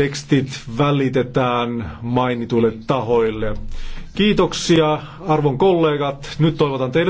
tekstit välitetään mainituille tahoille. Kiitoksia arvon kollegat. Nyt toivotan teille